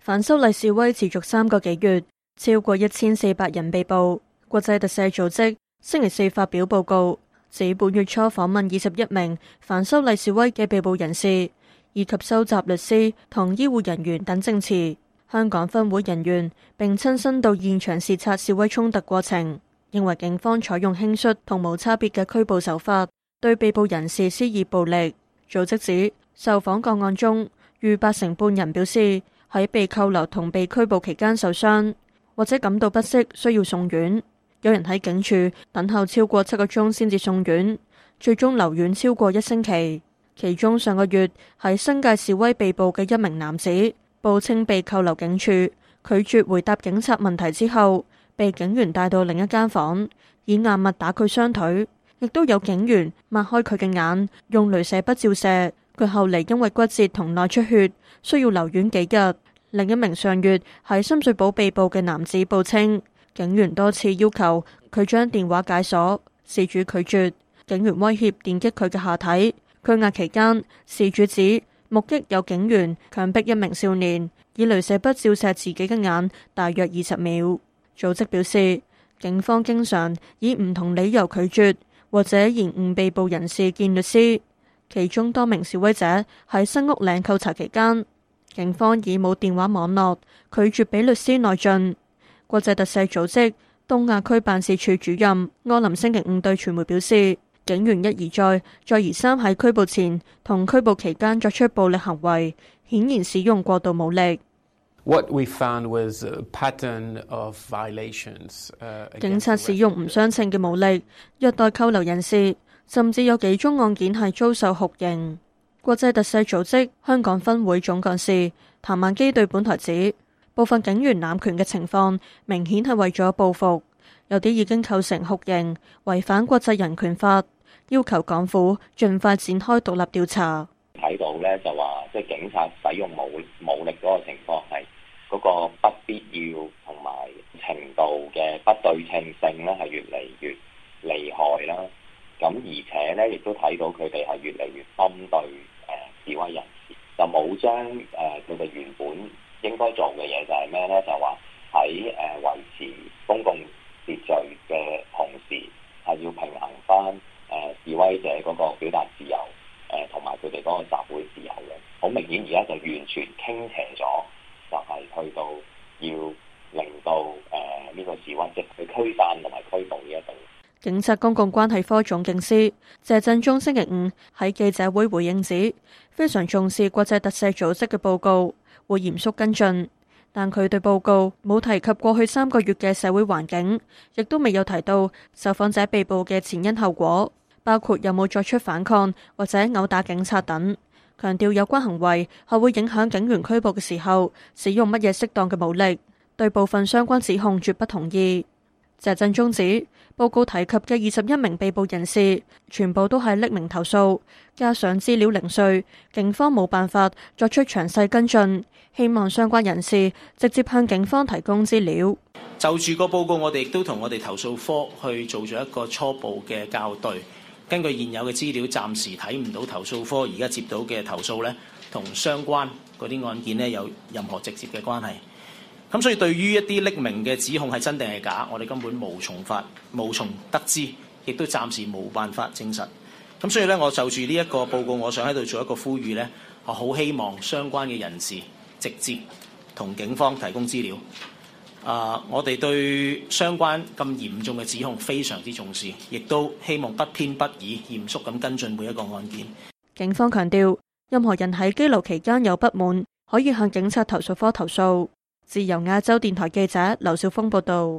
反修例示威持續三個幾月，超過一千四百人被捕。國際特赦組織星期四發表報告，指本月初訪問二十一名反修例示威嘅被捕人士，以及收集律師、同醫護人員等證詞。香港分會人員並親身到現場視察示威衝突過程，認為警方採用輕率同無差別嘅拘捕手法，對被捕人士施以暴力。組織指受訪個案中，逾八成半人表示，喺被扣留同被拘捕期間受傷，或者感到不適需要送院，有人喺警署等候超過七個鐘先至送院，最終留院超過一星期。其中上個月喺新界示威被捕嘅一名男子，報稱被扣留警署，拒絕回答警察問題之後，被警員帶到另一間房，以硬物打佢雙腿，亦都有警員擘開佢嘅眼，用鐳射筆照射。佢後嚟因為骨折同內出血，需要留院幾日。另一名上月喺深水埗被捕嘅男子報稱，警員多次要求佢將電話解鎖，事主拒絕，警員威脅電擊佢嘅下體。拘押期間，事主指目擊有警員強迫一名少年以鐳射筆照射自己嘅眼，大約二十秒。組織表示，警方經常以唔同理由拒絕或者延誤被捕人士見律師。其中多名示威者喺新屋嶺扣查期間，警方已冇電話網絡，拒絕俾律師內進。國際特赦組織東亞區辦事處主任柯林星期五對傳媒表示：警員一而再，再而三喺拘捕前同拘捕期間作出暴力行為，顯然使用過度武力。What we found was a pattern of violations. 警察使用唔相稱嘅武力，虐待扣留人士。甚至有幾宗案件係遭受酷刑。國際特赦組織香港分會總幹事譚萬基對本台指，部分警員濫權嘅情況明顯係為咗報復，有啲已經構成酷刑，違反國際人權法，要求港府盡快展開獨立調查。睇到咧就話，即係警察使用武武力嗰個情況係嗰個不必要同埋程度嘅不對稱性咧，係越嚟越厲害啦。咁而且咧，亦都睇到佢哋係越嚟越針對誒、呃、示威人士，就冇將誒佢哋原本應該做嘅嘢就係咩咧？就話喺誒維持公共秩序嘅同時，係要平衡翻誒、呃、示威者個表達自由，誒同埋佢哋個集會自由嘅。好明顯而家就完全傾斜咗，就係、是、去到要令到誒呢、呃這個示威者去驅散同埋驅暴。警察公共關係科總警司謝振中星期五喺記者會回應指，非常重視國際特赦組織嘅報告，會嚴肅跟進。但佢對報告冇提及過去三個月嘅社會環境，亦都未有提到受訪者被捕嘅前因後果，包括有冇作出反抗或者毆打警察等。強調有關行為係會影響警員拘捕嘅時候使用乜嘢適當嘅武力，對部分相關指控絕不同意。謝振中指，報告提及嘅二十一名被捕人士，全部都係匿名投訴，加上資料零碎，警方冇辦法作出詳細跟進，希望相關人士直接向警方提供資料。就住個報告，我哋亦都同我哋投訴科去做咗一個初步嘅校對。根據現有嘅資料，暫時睇唔到投訴科而家接到嘅投訴咧，同相關嗰啲案件咧有任何直接嘅關係。咁所以對於一啲匿名嘅指控係真定係假，我哋根本無從法、無從得知，亦都暫時冇辦法證實。咁所以咧，我就住呢一個報告，我想喺度做一個呼籲咧，我好希望相關嘅人士直接同警方提供資料。啊，我哋對相關咁嚴重嘅指控非常之重視，亦都希望不偏不倚、嚴肅咁跟進每一個案件。警方強調，任何人喺拘留期間有不滿，可以向警察投訴科投訴。自由亞洲電台記者劉少峰報道。